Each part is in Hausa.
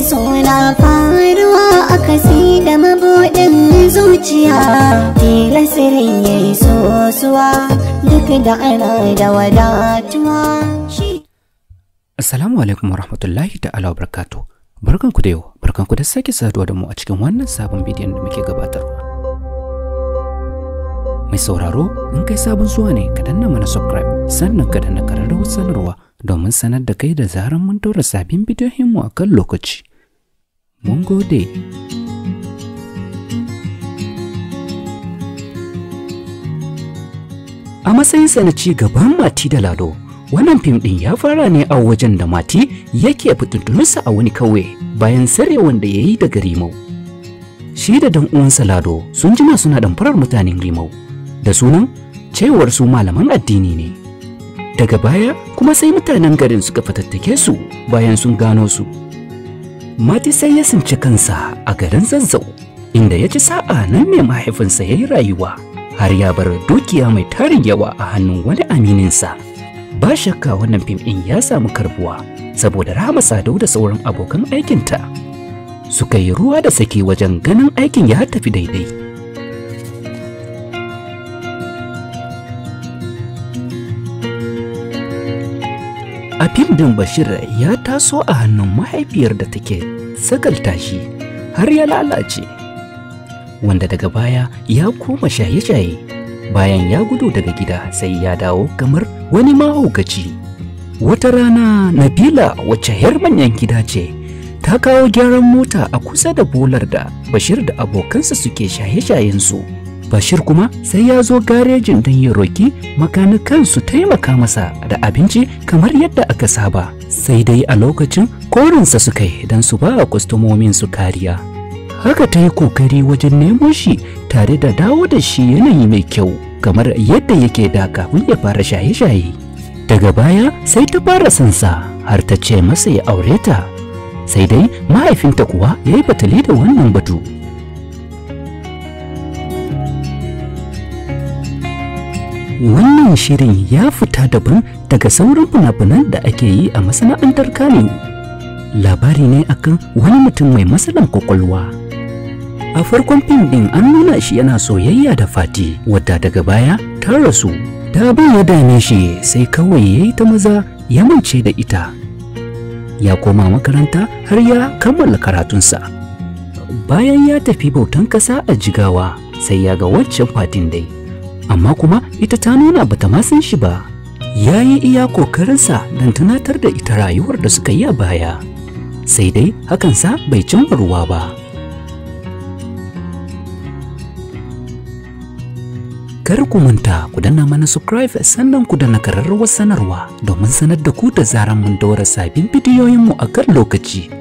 so suna faruwa a kasi da mabuɗin zuciya tila sirin ya yi sosuwa duk da ana da wadatuwa Assalamu alaikum wa rahmatullahi ta'ala wa barakatuh Barkanku da yau, ku da sake saduwa da mu a cikin wannan sabon bidiyon da muke gabatarwa. Mai sauraro, in kai sabon zuwa ne ka danna mana subscribe, sannan ka danna kararrawar sanarwa domin sanar da kai da zaran mun tura sabbin bidiyoyinmu a kan lokaci. Mun gode! A matsayinsa na ci gaban Mati da Lado, wannan fim ɗin ya fara ne a wajen da Mati yake fitintunsa a wani kauye bayan sare wanda ya yi daga Rimau. Shi da dan uwansa Lado sun jima suna farar mutanen Rimau da sunan cewar su malaman addini ne. daga baya kuma sai mutanen garin suka fatattake su bayan sun gano su mati sai ya sinci kansa a garin zazzau inda ya ci sa'a nan ne mahaifinsa ya yi rayuwa har ya bar dukiya mai tarin yawa a hannun wani amininsa ba shakka wannan fim ɗin ya samu karbuwa saboda rahama sadau da sauran abokan aikinta suka yi ruwa da sake wajen ganin aikin ya tafi daidai Muhammadin Bashir ya taso a hannun mahaifiyar da take sakalta shi har ya lalace, wanda daga baya ya koma shaye-shaye bayan ya gudu daga gida sai ya dawo kamar wani mahaukaci. Wata rana Nabila wacce yar manyan gida ce ta kawo gyaran mota a kusa da bolar da Bashir da abokansa suke shaye shayen su. Bashir kuma sai ya zo garejin don yin roki makanikan su taimaka masa da abinci kamar yadda aka saba sai dai a lokacin korinsa suka yi don su ba kwastomomin su kariya. Haka ta yi kokari wajen nemo shi tare da dawo da shi yanayi mai kyau kamar yadda yake da kafin ya fara shaye-shaye. Daga baya sai ta fara sansa har ta ce masa ya aure ta. Sai dai mahaifinta kuwa ya yi batali da wannan batu. wannan shirin ya fita daban daga sauran fina-finan da ake yi a masana'antar kano labari ne akan wani mutum mai matsalan kwakwalwa a farkon fim din an nuna shi yana soyayya da fati wadda daga baya ta rasu ta ya dame shi sai kawai ya yi ta maza ya mance da ita ya koma makaranta har ya kammala karatunsa bayan ya tafi bautan ƙasa a jigawa sai ya ga waccan fatin dai amma kuma ita ta nuna bata ma san shi ba ya yi iya kokarinsa don tunatar da ita rayuwar da suka yi a baya sai dai hakan sa bai cimma ruwa ba kar ku manta ku danna mana subscribe sannan ku danna kararrawar sanarwa domin sanar da ku da zaran mun daura sabbin bidiyoyinmu a kan lokaci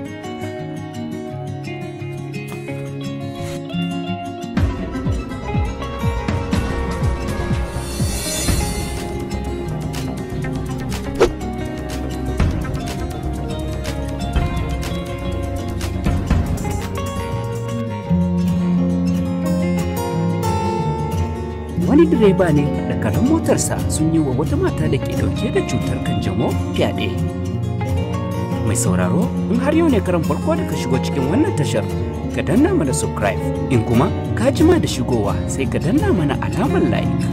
direba ne da karan motarsa sun yi wa wata mata da ke dauke da cutar kanjamau fyaɗe. Mai sauraro, in har yau ne karan farko da ka shigo cikin wannan tashar, ka danna mana subscribe, in kuma ka jima da shigowa sai ka danna mana alamar like.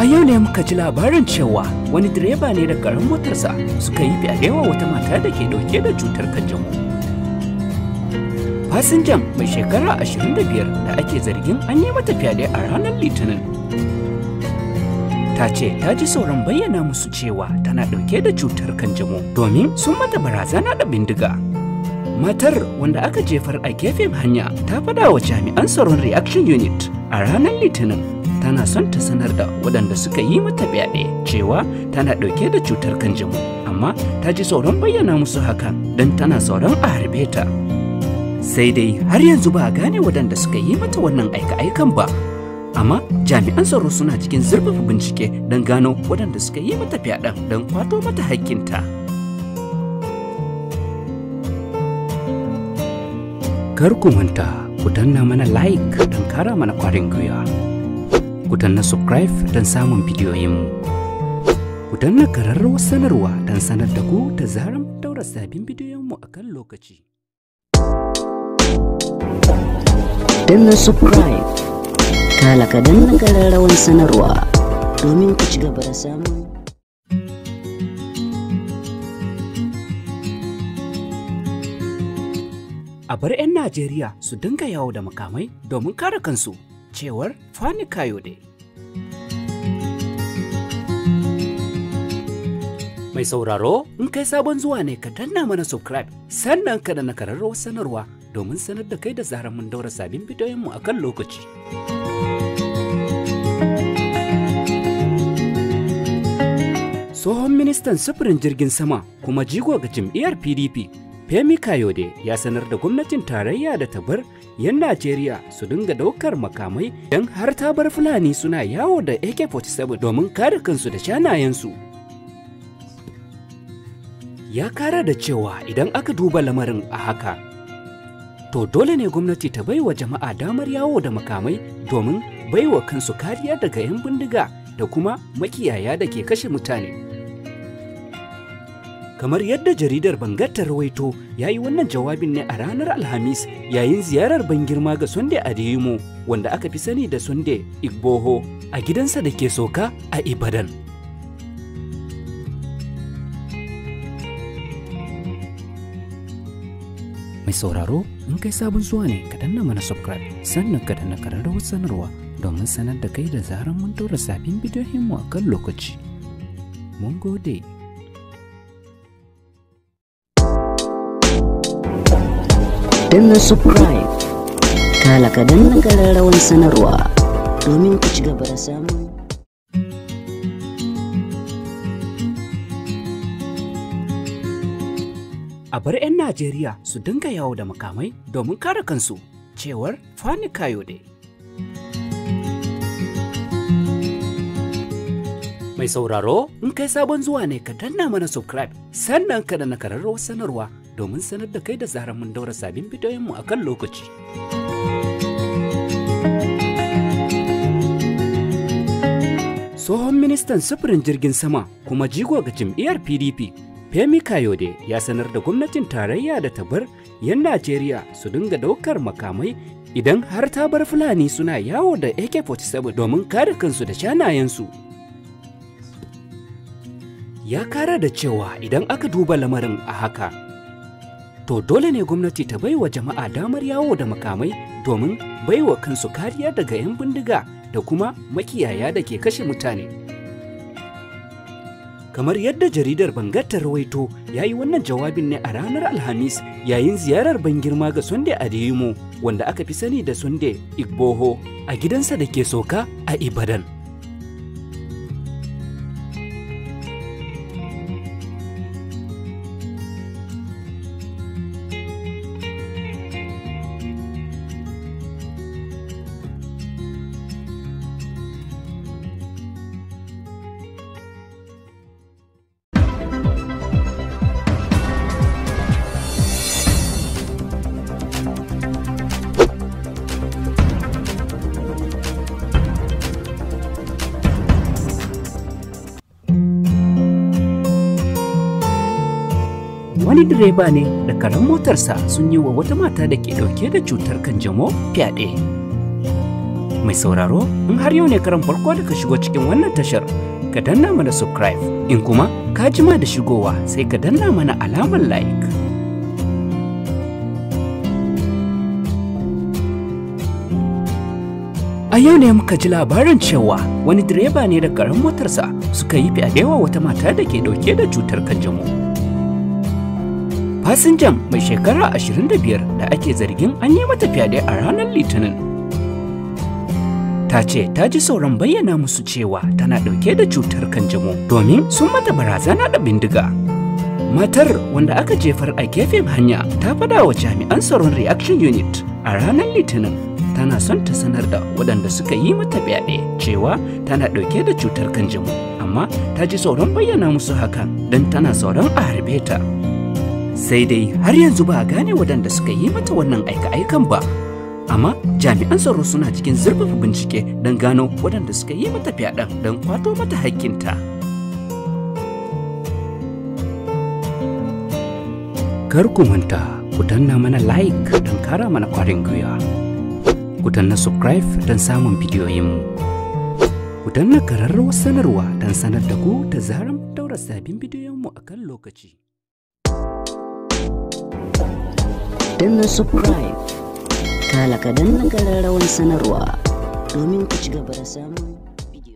A yau ne muka ji labarin cewa wani direba ne da karan motarsa suka yi wa wata mata da ke dauke da cutar kanjamau. fasinjan mai shekara 25 da ake zargin an yi mata fyaɗe a ranar litinin ta ce ta ji sauran bayyana musu cewa tana ɗauke da cutar kanjamau domin sun mata barazana da bindiga matar wanda aka jefar a gefen hanya ta faɗawa wa jami'an tsaron reaction unit a ranar litinin tana son ta sanar da waɗanda suka yi mata fyaɗe cewa tana ɗauke da cutar kanjamau amma ta ji sauran bayyana musu hakan don tana sauran a harbe ta sai dai har yanzu ba a gane waɗanda suka yi mata wannan aika-aikan ba amma jami'an tsaro suna cikin zurfafa bincike don gano waɗanda suka yi mata fyaɗen don kwato mata haƙƙinta kar ku manta ku danna mana like don kara mana kwarin gwiwa ku danna subscribe don samun bidiyoyinmu ku danna kararrawar sanarwa don sanar da ku ta zarar daura sabbin mu a kan lokaci danna subscribe kala ka danna kararrawan sanarwa domin ku ci gaba da samun a bar 'yan najeriya su dinga yawo da makamai domin kare kansu cewar fani kayode mai sauraro in kai sabon zuwa ne ka danna mana subscribe sannan ka da na kararrawar sanarwa domin sanar da kai da zarar mun daura sabin bidiyoyinmu a kan lokaci. Tsohon ministan sufurin jirgin sama kuma jigo ga jam'iyyar PDP, Femi Kayode ya sanar da gwamnatin tarayya da ta bar 'yan Najeriya su dinga daukar makamai don har ta bar Fulani suna yawo da AK-47 domin kare kansu da shanayensu. Ya kara da cewa idan aka duba lamarin a haka to dole ne gwamnati ta baiwa jama'a damar yawo da makamai domin baiwa kansu kariya daga 'yan bindiga da kuma makiyaya da ke kashe mutane. Kamar yadda jaridar Bangar ta ya yi wannan jawabin ne a ranar Alhamis yayin ziyarar ban girma ga Sunday Adeyemo wanda aka fi sani da Sunday Igboho a gidansa da ke soka a Ibadan. Mai sauraro in kai sabon zuwa ne ka danna mana subscribe sannan ka danna kararrawar sanarwa domin sanar da kai da zarar mun tura sabbin bidiyoyin mu a kan lokaci. Mun gode. Danna subscribe, kala ka danna kararrawar sanarwa domin ku ci gaba da samun a bar 'yan Najeriya su dinga yawo da makamai domin kare kansu, cewar Fani Kayode. Mai sauraro, in kai sabon zuwa ne ka danna mana subscribe, sannan ka na kararrawar sanarwa domin sanar da kai da zarar mun daura sabbin bidiyoyinmu a kan lokaci. Tsohon ministan sufurin jirgin sama kuma jigo ga jam'iyyar PDP Femi Kayode ya sanar da gwamnatin tarayya da ta bar 'yan Najeriya su dinga daukar makamai idan har ta bar Fulani suna yawo da AK-47 domin kare kansu da shanayensu. Ya kara da cewa idan aka duba lamarin a haka, to dole ne gwamnati ta baiwa jama'a damar yawo da makamai domin baiwa kansu kariya daga 'yan bindiga da kuma makiyaya da ke kashe mutane. kamar yadda jaridar bangar ta rawaito ya yi wannan jawabin ne a ranar alhamis yayin ziyarar ban girma ga sunday adeyemo wanda aka fi sani da sunday igboho a gidansa da ke soka a ibadan direba ne da karen motarsa sun yi wa wata mata da ke ɗauke da cutar kanjamo fyaɗe. Mai sauraro, in har yau ne karan farko da ka shigo cikin wannan tashar, ka danna mana subscribe, in kuma ka jima da shigowa sai ka danna mana alamar like. A yau ne muka ji labarin cewa wani direba ne da karen motarsa suka yi fyaɗewa wata mata da ke ɗauke da cutar kanjamo. fasinjan mai shekara 25 da ake zargin an yi mata fyaɗe a ranar litinin ta ce ta ji sauran bayyana musu cewa tana ɗauke da cutar kanjamau domin sun mata barazana da bindiga matar wanda aka jefar a gefen hanya ta fada wa jami'an tsaron reaction unit a ranar litinin tana son ta sanar da waɗanda suka yi mata fyaɗe cewa tana ɗauke da cutar kanjamau amma ta ji sauran bayyana musu hakan don tana sauran a harbe ta sai dai har yanzu ba a gane waɗanda suka yi mata wannan aika-aikan ba amma jami'an tsaro suna cikin zurfafa bincike don gano waɗanda suka yi mata fyaɗen don kwato mata hakkinta kar ku manta ku danna mana like don kara mana kwarin gwiwa ku danna subscribe don samun bidiyoyinmu ku danna kararrawar sanarwa don sanar da ku da zarar daura sabbin mu a kan lokaci danna subscribe kala ka danna rawan sanarwa domin ku ci gaba da samun bidiyo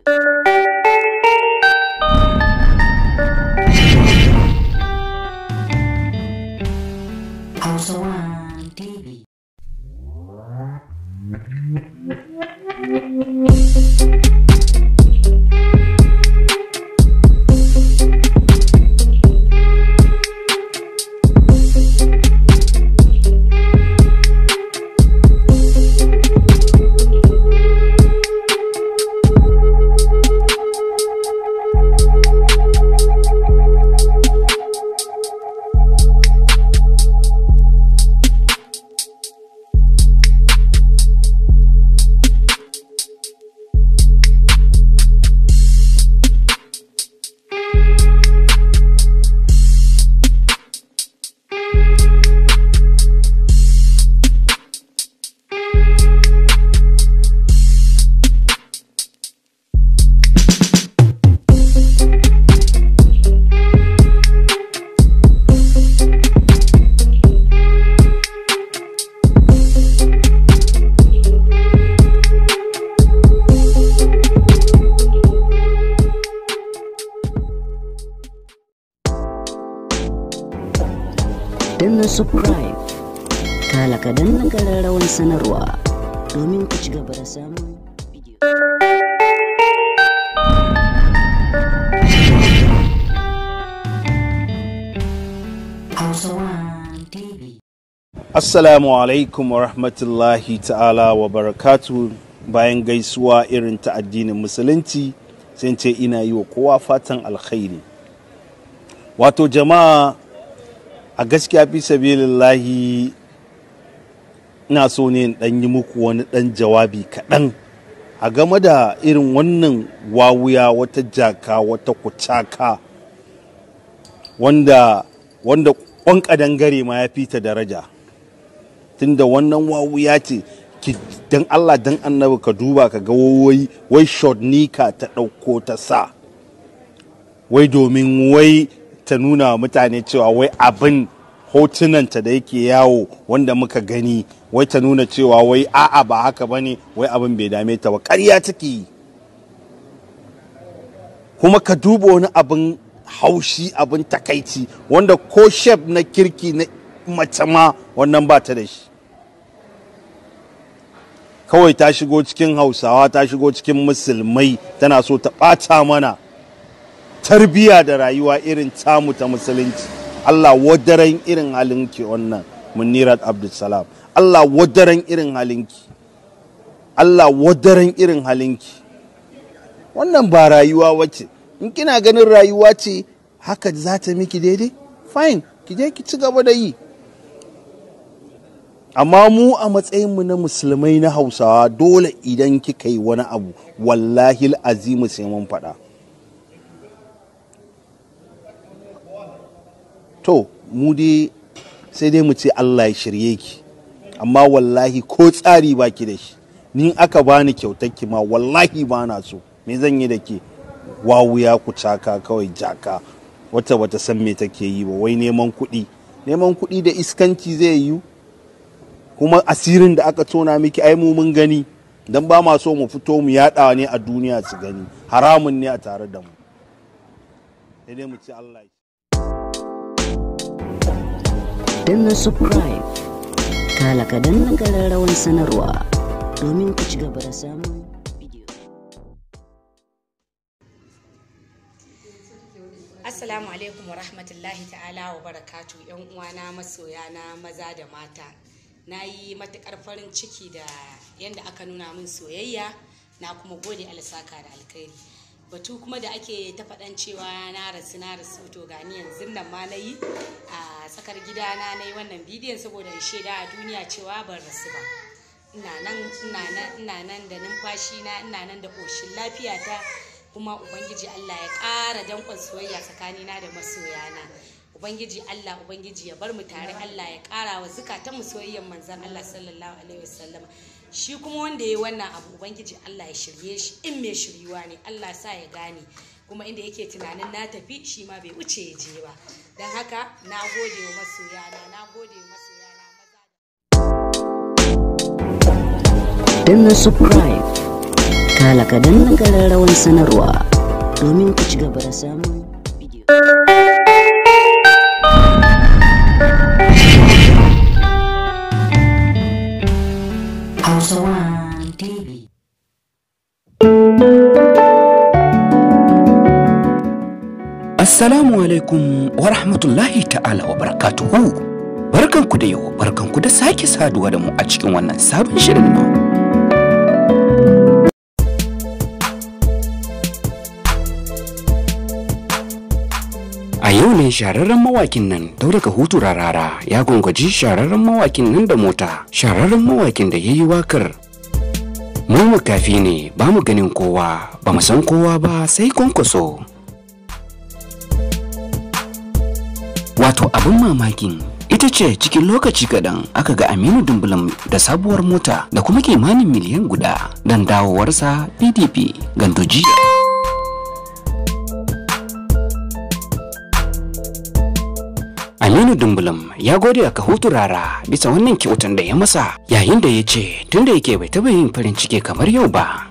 Assalamu alaikum wa rahmatullahi ta'ala wa barakatu bayan gaisuwa irin ta addinin musulunci sai ce ina yi wa kowa fatan alkhairi. Wato jama'a a gaskiya fi sabilillahi ina so ne in yi muku wani ɗan jawabi kaɗan. a game da irin wannan wawuya wata jaka wata kucaka wanda wanda kwan kadangare ma ya fita daraja tunda wannan wawu ya ce dan Allah dan annabi ka duba ka ga wai wai nika ta ɗauko ta sa wai domin wai ta nuna wa mutane cewa wai abin hotunanta da yake yawo wanda muka gani wai ta nuna cewa wai a'a ba haka bane wai abin bai dame ta ba ƙarya take yi kuma ka duba wani abin haushi abin takaici wanda ko shef na kirki na mace ma wannan ba ta da shi kawai ta shigo cikin hausawa ta shigo cikin musulmai tana so ta ɓata mana tarbiya da rayuwa irin tamu ta musulunci allah wadaren irin halinki wannan munirat abdulsalam allah wadaren irin halinki allah wadaren irin halinki wannan ba rayuwa wace in kina ganin rayuwa ce haka za ta miki daidai fine ki je ki ci gaba da yi amma mu a matsayinmu na musulmai na hausawa dole idan kika yi wani abu wallahi azimu sai mun faɗa to mu dai sai dai mu ce allah ya shirye ki amma wallahi ko tsari baki da shi ni aka bani kyautar ki ma wallahi bana so me zan yi da ke wawuya ku caka kawai jaka wata wata san me take yi ba wai neman kuɗi neman kuɗi da iskanci zai yiwu kuma asirin da aka tona miki ai mu mun gani dan ba ma so mu fito mu yaɗa ne a duniya su gani haramun ne a tare da mu sai dai mu ci Allah danna subscribe kala ka danna rawan sanarwa domin ku ci gaba da samun Assalamu alaikum wa rahmatullahi ta'ala wa barakatu yan uwana masoya na maza da mata. Na yi matukar farin ciki da yadda aka nuna min soyayya na kuma gode alsaka da alkhairi. Batu kuma da ake ta faɗan cewa na rasu na rasu to gani yanzu nan ma na yi a tsakar gidana na yi wannan bidiyon saboda in shaida a duniya cewa ban rasu ba. Ina nan ina nan da numfashi na ina nan da lafiya lafiyata kuma ubangiji Allah ya kara danƙon soyayya tsakanina da masoyana ubangiji Allah ubangiji ya bar mu tare Allah ya ƙara wa zukatan mu soyayyan manzon Allah sallallahu alaihi wasallam shi kuma wanda yayi wannan abu ubangiji Allah ya shirye shi in mai shiryuwa ne Allah sa ya gane kuma inda yake tunanin na tafi shi ma bai wuce ya je ba don haka na gode wa masoyana na gode wa masoyana maza da subscribe tala ka danna rawan sanarwa domin ku ci gaba da samun Assalamu alaikum wa rahmatullahi ta'ala wa barakatuhu. Barkanku da yau, barkanku da sake saduwa da mu a cikin wannan sabon shirin nan. yau ne shararren mawakin nan ka hutu rarara ya gwangwaji shararren mawakin nan da mota shararren mawakin da ya yi wakar mu makafi ne ba mu ganin kowa ba mu san kowa ba sai kwankwaso wato abin mamakin ita ce cikin lokaci kaɗan aka ga aminu dumbulan da sabuwar mota da kuma kimanin miliyan guda don dawowarsa pdp gandojiya Aminu Dumbulum ya gode a Kahutu Rara bisa wannan kyautan da ya masa yayin da ya ce tunda yake bai taɓa yin farin ciki kamar yau ba.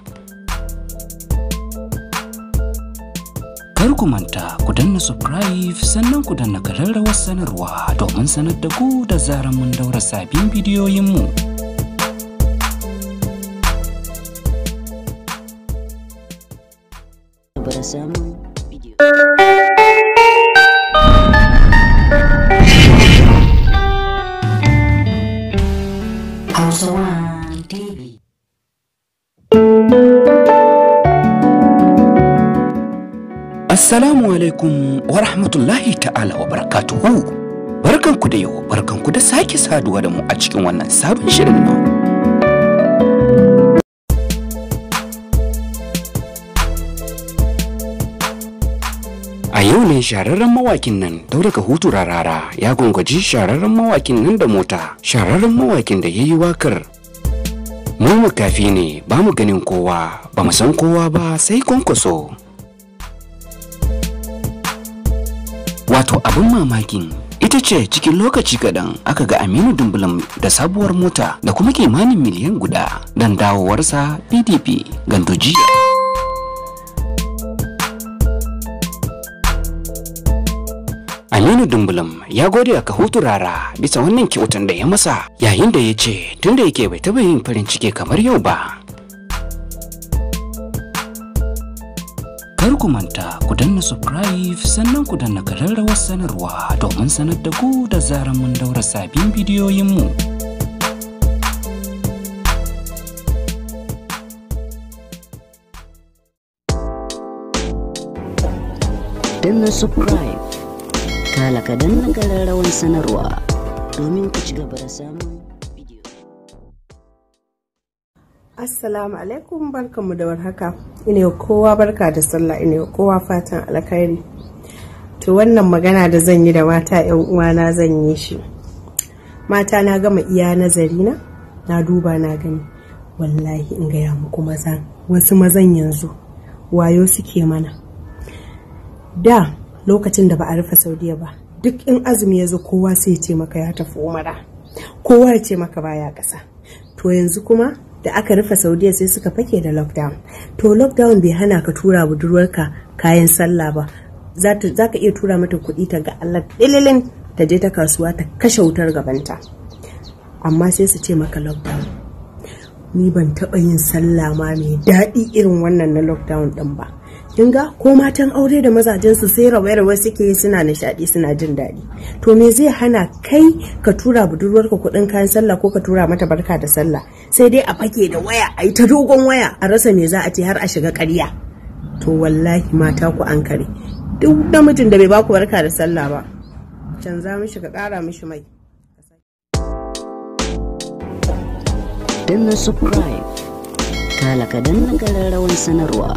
Kar ku manta ku danna subscribe sannan ku danna kararrawar sanarwa domin sanar da ku da zarar mun daura sabbin bidiyoyinmu. mu. Assalamu alaikum wa rahmatullahi ta'ala wa barakatuhu. Barkanku da yau, barkanku da sake saduwa da mu a cikin wannan sabon shirin nan. A yau ne shararren mawakin nan daga hutu rarara ya gungaji shararren mawakin nan da mota, shararren mawakin da ya yi wakar mu makafi ne ba mu ganin kowa ba mu san kowa ba sai kwankwaso wato abin mamakin ita ce cikin lokaci kaɗan aka ga aminu dumbulam da sabuwar mota da kuma kimanin miliyan guda don dawowarsa pdp gandojiya Aminu Dumbulam ya gode a Kahutu Rara bisa wannan kyautan da ya masa yayin da ya ce tunda yake bai taɓa yin farin ciki kamar yau ba. ku manta ku danna subscribe sannan ku danna kararrawar sanarwa domin sanar da ku da zarar mun daura sabbin bidiyoyinmu. mu. danna subscribe kala ka danna kararrawan sanarwa domin ku ci gaba da samun Assalamu alaikum barkanmu da warhaka. Ina kowa barka da sallah ina kowa fatan alkhairi. To wannan magana da zan yi da mata yan uwana zan yi shi. Mata na gama iya nazari na, na duba na gani. Wallahi in gaya muku maza, wasu mazan yanzu wayo suke mana. Da lokacin da ba a rufe Saudiya ba, duk in azumi ya kowa sai ya ce maka ya tafi umara. Kowa ya ce maka baya ƙasa. To yanzu kuma da aka rufe saudiya sai suka fake da lockdown to lockdown bai hana ka tura budurwarka kayan sallah ba za ka iya tura mata kuɗi ta ga allah ɗililin ta je ta kasuwa ta kashe wutar gabanta amma sai su ce maka lockdown ni ban taɓa yin sallah ma mai daɗi irin wannan na lockdown ɗin ba kin ga ko matan aure da mazajen su sai rawaye-rawaye suke yi suna nishadi suna jin daɗi to me zai hana kai ka tura budurwar ka kuɗin kayan sallah ko ka tura mata barka da sallah sai dai a fake da waya a yi ta dogon waya a rasa me za a ce har a shiga ƙarya to wallahi mata ku an kare duk namijin da bai ba ku barka da sallah ba canza mishi ka ƙara mishi mai danna subscribe kala ka danna sanarwa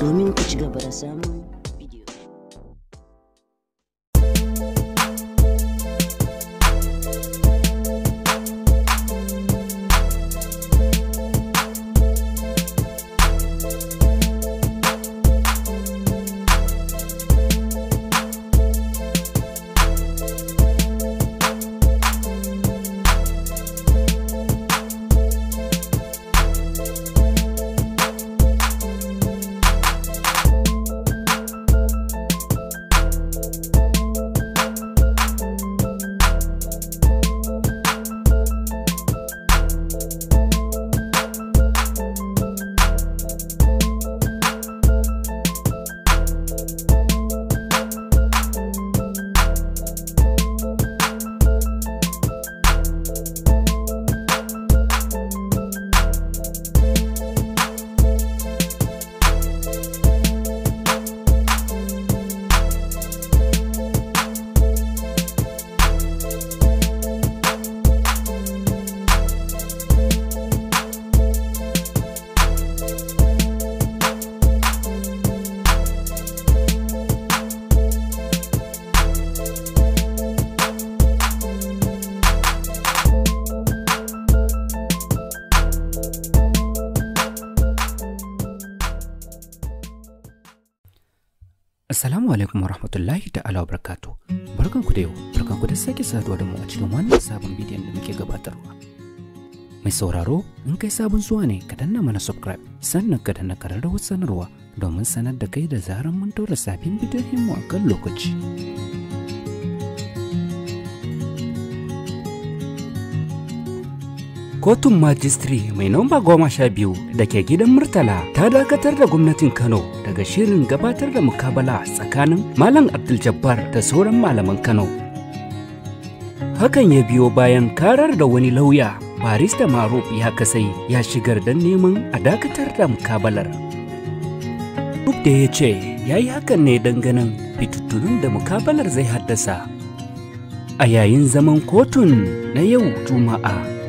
Sonho que te gabarazamos. Assalamu alaikum warahmatullahi ta'ala wabarakatuh. Barkanku da yau, barkanku da sake saduwa da mu a cikin wannan sabon bidiyon da muke gabatarwa. Mai sauraro, in kai sabon zuwa ne ka danna mana subscribe, sannan ka danna kararrawar sanarwa domin sanar da kai da zaran mun tura sabon bidiyon mu a kan lokaci. kotun majistri mai namba goma sha biyu da ke gidan murtala ta dakatar da gwamnatin kano daga shirin gabatar da mukabala tsakanin malam abdul da sauran malaman kano hakan ya biyo bayan karar da wani lauya barista maruf ya kasai ya shigar don neman a dakatar da mukabalar duk da ya ce ya yi hakan ne ganin fitattunin da mukabalar zai haddasa a yayin zaman kotun na yau juma'a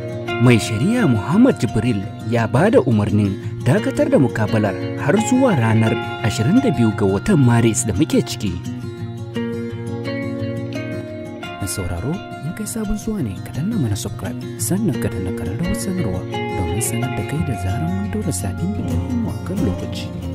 mai shari'a muhammad jibril ya ba da umarnin dakatar da mukabalar har zuwa ranar 22 ga watan maris da muke ciki mai sauraro in kai sabon zuwa ne ka danna mana subscribe sannan ka danna kararrawar sanarwa domin sanar da kai da zarar mun dora sabbin bidiyon mu a kan lokaci